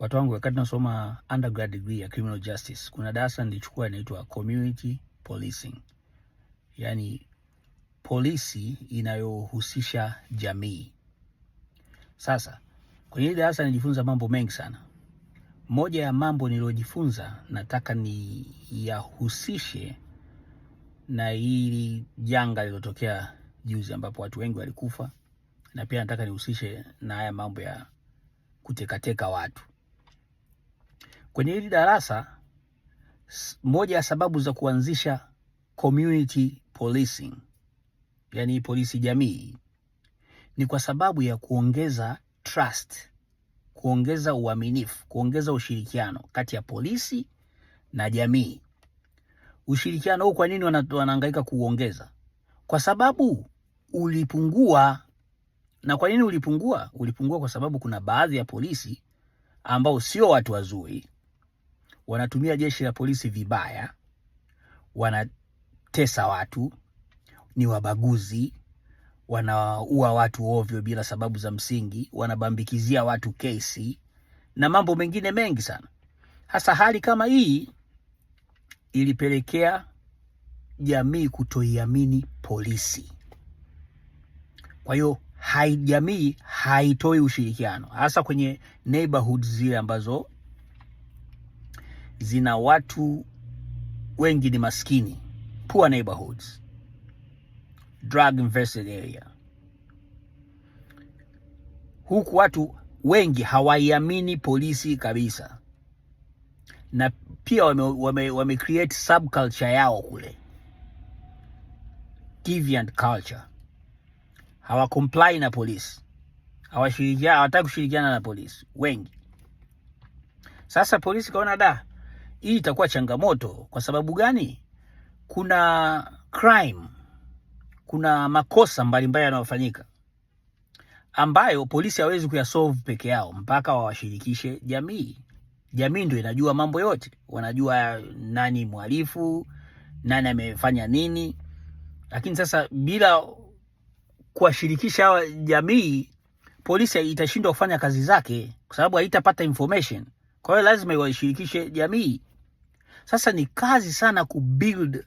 Watu wangu, wakati nasoma undergrad degree ya criminal justice, kuna darasa nilichukua inaitwa community policing, yani polisi inayohusisha jamii. Sasa kwenye hili darasa nilijifunza mambo mengi sana. Moja ya mambo niliyojifunza nataka ni yahusishe na hili janga lililotokea juzi, ambapo watu wengi walikufa, na pia nataka nihusishe na haya mambo ya kutekateka watu. Kwenye hili darasa, moja ya sababu za kuanzisha community policing, yani polisi jamii, ni kwa sababu ya kuongeza trust, kuongeza uaminifu, kuongeza ushirikiano kati ya polisi na jamii. Ushirikiano huu kwa nini wanahangaika kuuongeza? Kwa sababu ulipungua. Na kwa nini ulipungua? Ulipungua kwa sababu kuna baadhi ya polisi ambao sio watu wazuri wanatumia jeshi la polisi vibaya, wanatesa watu, ni wabaguzi, wanaua watu ovyo bila sababu za msingi, wanabambikizia watu kesi na mambo mengine mengi sana. Hasa hali kama hii ilipelekea jamii kutoiamini polisi. Kwa hiyo hai jamii haitoi ushirikiano hasa kwenye neighborhood zile ambazo zina watu wengi ni maskini, poor neighborhoods, drug infested area. Huku watu wengi hawaiamini polisi kabisa, na pia wame, wame, wame create subculture yao kule, deviant culture. Hawa comply na polisi, hawataki kushirikiana na polisi wengi. Sasa polisi kaona da hii itakuwa changamoto. Kwa sababu gani? Kuna crime, kuna makosa mbalimbali yanayofanyika ambayo polisi hawezi kuyasolve peke yao, mpaka wawashirikishe jamii. Jamii ndio inajua mambo yote, wanajua nani mhalifu, nani amefanya nini. Lakini sasa bila kuwashirikisha hawa jamii, polisi itashindwa kufanya kazi zake, kwa sababu haitapata information. Kwa hiyo lazima iwashirikishe jamii. Sasa ni kazi sana kubuild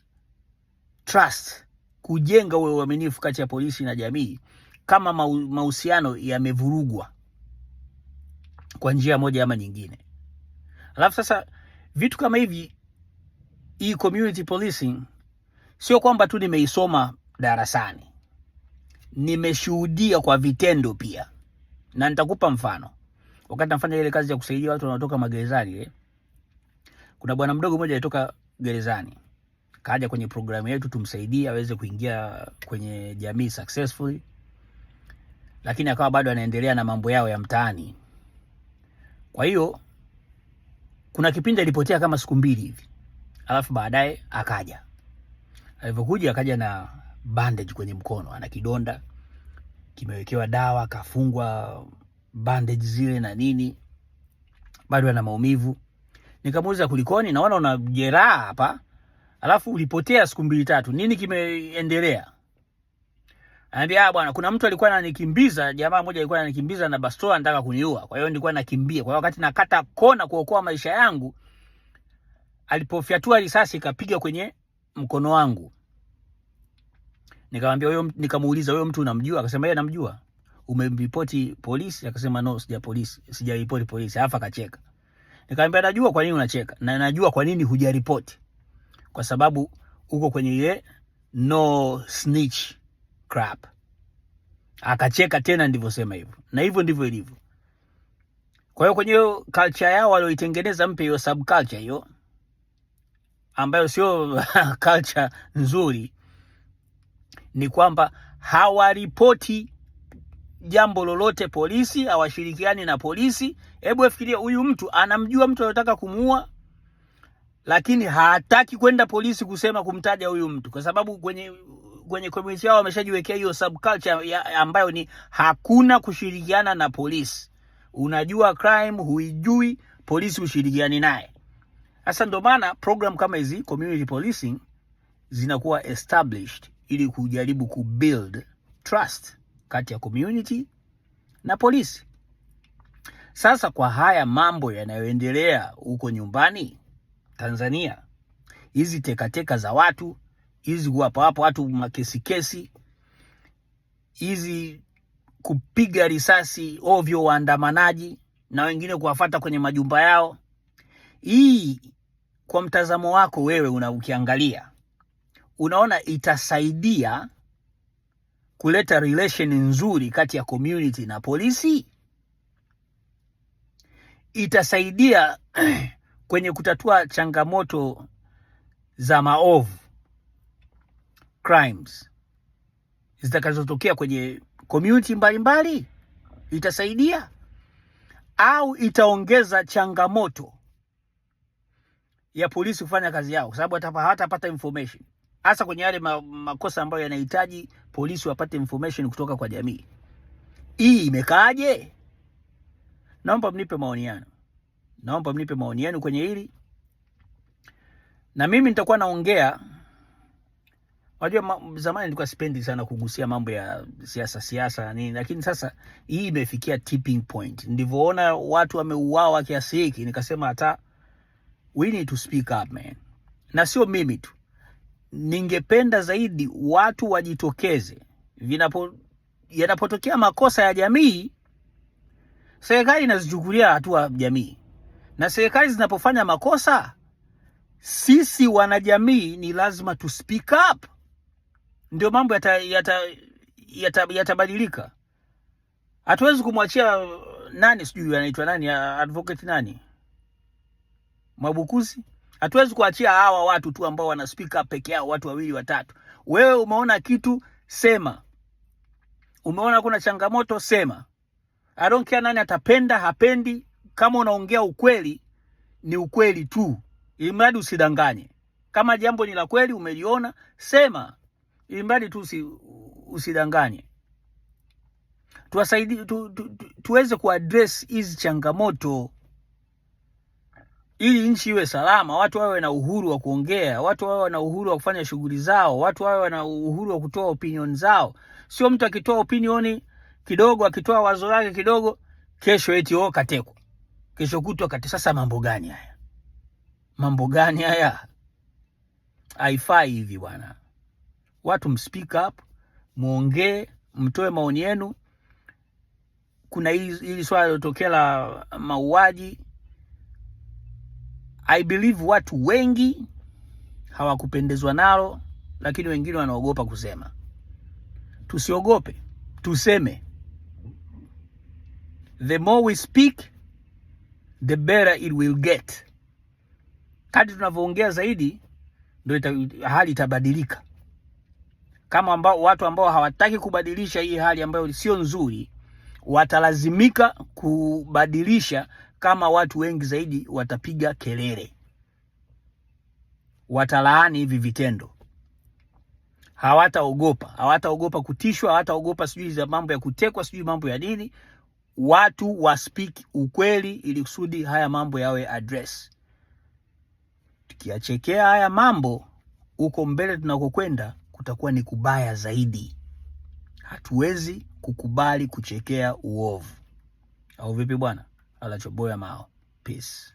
trust, kujenga ule uaminifu kati ya polisi na jamii kama mahusiano yamevurugwa kwa njia moja ama nyingine. Alafu sasa vitu kama hivi, hii community policing sio kwamba tu nimeisoma darasani, nimeshuhudia kwa vitendo pia, na nitakupa mfano. Wakati nafanya ile kazi ya kusaidia watu wanaotoka magerezani eh? Kuna bwana mdogo mmoja alitoka gerezani kaja kwenye programu yetu tumsaidie aweze kuingia kwenye jamii successfully, lakini akawa bado anaendelea na mambo yao ya mtaani. Kwa hiyo kuna kipindi alipotea kama siku mbili hivi, alafu baadaye akaja. Alivyokuja akaja na bandage kwenye mkono, ana kidonda kimewekewa dawa, kafungwa bandage zile na nini, bado ana maumivu. Nikamuuliza kulikoni, naona una jeraha hapa, alafu ulipotea siku mbili tatu, nini kimeendelea? Anambia ah, bwana, kuna mtu alikuwa ananikimbiza, jamaa mmoja alikuwa ananikimbiza na bastola, anataka kuniua. Kwa hiyo nilikuwa nakimbia, kwa hiyo wakati nakata kona kuokoa maisha yangu, alipofyatua risasi ikapiga kwenye mkono wangu. Nikamwambia huyo, nikamuuliza huyo mtu unamjua? Akasema yeye namjua. Umemripoti polisi? Akasema no, sija polisi, sijaripoti polisi. Alafu akacheka. Nikamwambia najua kwa nini unacheka na najua kwa nini hujaripoti, kwa sababu uko kwenye ile no snitch crap. Akacheka tena, ndivyosema hivyo, na hivyo ndivyo ilivyo. Kwa hiyo kwenye culture yao walioitengeneza mpya, hiyo subculture hiyo ambayo sio culture nzuri, ni kwamba hawaripoti jambo lolote polisi, hawashirikiani na polisi. Hebu fikiria, huyu mtu anamjua mtu anayotaka kumuua, lakini hataki kwenda polisi kusema kumtaja huyu mtu, kwa sababu kwenye kwenye community yao wameshajiwekea hiyo subculture ambayo ni hakuna kushirikiana na polisi. Unajua crime, huijui polisi, ushirikiani naye. Sasa ndio maana program kama hizi community policing zinakuwa established ili kujaribu kubuild trust kati ya community na polisi. Sasa kwa haya mambo yanayoendelea huko nyumbani Tanzania, hizi tekateka za watu hizi, kuwapawapa watu makesi kesi hizi, kupiga risasi ovyo waandamanaji na wengine kuwafata kwenye majumba yao, hii kwa mtazamo wako wewe una ukiangalia unaona itasaidia kuleta relation nzuri kati ya community na polisi, itasaidia kwenye kutatua changamoto za maovu crimes zitakazotokea kwenye community mbalimbali mbali, itasaidia au itaongeza changamoto ya polisi kufanya kazi yao, kwa sababu hawatapata information hasa kwenye yale makosa ambayo yanahitaji polisi wapate information kutoka kwa jamii. Hii imekaaje? Naomba mnipe maoni yenu, naomba mnipe maoni yenu kwenye hili, na mimi nitakuwa naongea. Unajua, zamani nilikuwa sipendi sana kugusia mambo ya siasa siasa nini, lakini sasa hii imefikia tipping point, ndivyoona watu wameuawa kiasi hiki, nikasema hata we need to speak up man, na sio mimi tu ningependa zaidi watu wajitokeze vinapo yanapotokea makosa ya jamii, serikali inazichukulia hatua jamii, na serikali zinapofanya makosa, sisi wanajamii ni lazima to speak up, ndio mambo yatabadilika yata, yata, yata. Hatuwezi kumwachia nani, sijui anaitwa nani, advocate nani, Mwabukusi Hatuwezi kuachia hawa watu tu ambao wana speak up peke yao, watu wawili watatu. Wewe umeona kitu, sema. Umeona kuna changamoto, sema. I don't care nani atapenda hapendi, kama unaongea ukweli ni ukweli tu, ili usidanganye. Kama jambo ni la kweli, umeliona, sema, ili tu usi, usidanganye. Tuwasaidie tu, tu, tu, tuweze kuaddress hizi changamoto ili nchi iwe salama, watu wawe na uhuru wa kuongea, watu wawe na uhuru wa kufanya shughuli zao, watu wawe na uhuru wa kutoa opinion zao. Sio mtu akitoa opinioni kidogo, akitoa wazo lake kidogo, kesho eti oh, katekwa, kesho kutwa kate. Sasa mambo gani haya? Mambo gani haya? Haifai hivi bwana. Watu mspeak up, muongee, mtoe maoni yenu. Kuna hili swala lilotokea la mauaji I believe watu wengi hawakupendezwa nalo, lakini wengine wanaogopa kusema. Tusiogope, tuseme. The more we speak the better it will get. Kadri tunavyoongea zaidi ndio ita, hali itabadilika. Kama ambao watu ambao hawataki kubadilisha hii hali ambayo sio nzuri watalazimika kubadilisha kama watu wengi zaidi watapiga kelele, watalaani hivi vitendo, hawataogopa, hawataogopa kutishwa, hawataogopa sijui za mambo ya kutekwa, sijui mambo ya nini. Watu speak ukweli, ili kusudi haya mambo yawe address. Tukiyachekea haya mambo, huko mbele tunakokwenda kutakuwa ni kubaya zaidi. Hatuwezi kukubali kuchekea uovu, au vipi bwana? Alajoboya Mao. Peace.